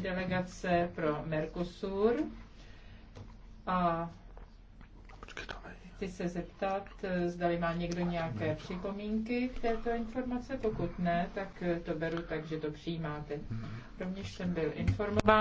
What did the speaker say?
delegace pro Mercosur a chci se zeptat, zdali má někdo nějaké připomínky k této informace. Pokud ne, tak to beru tak, že to přijímáte. Mhm. Rovněž jsem byl informován.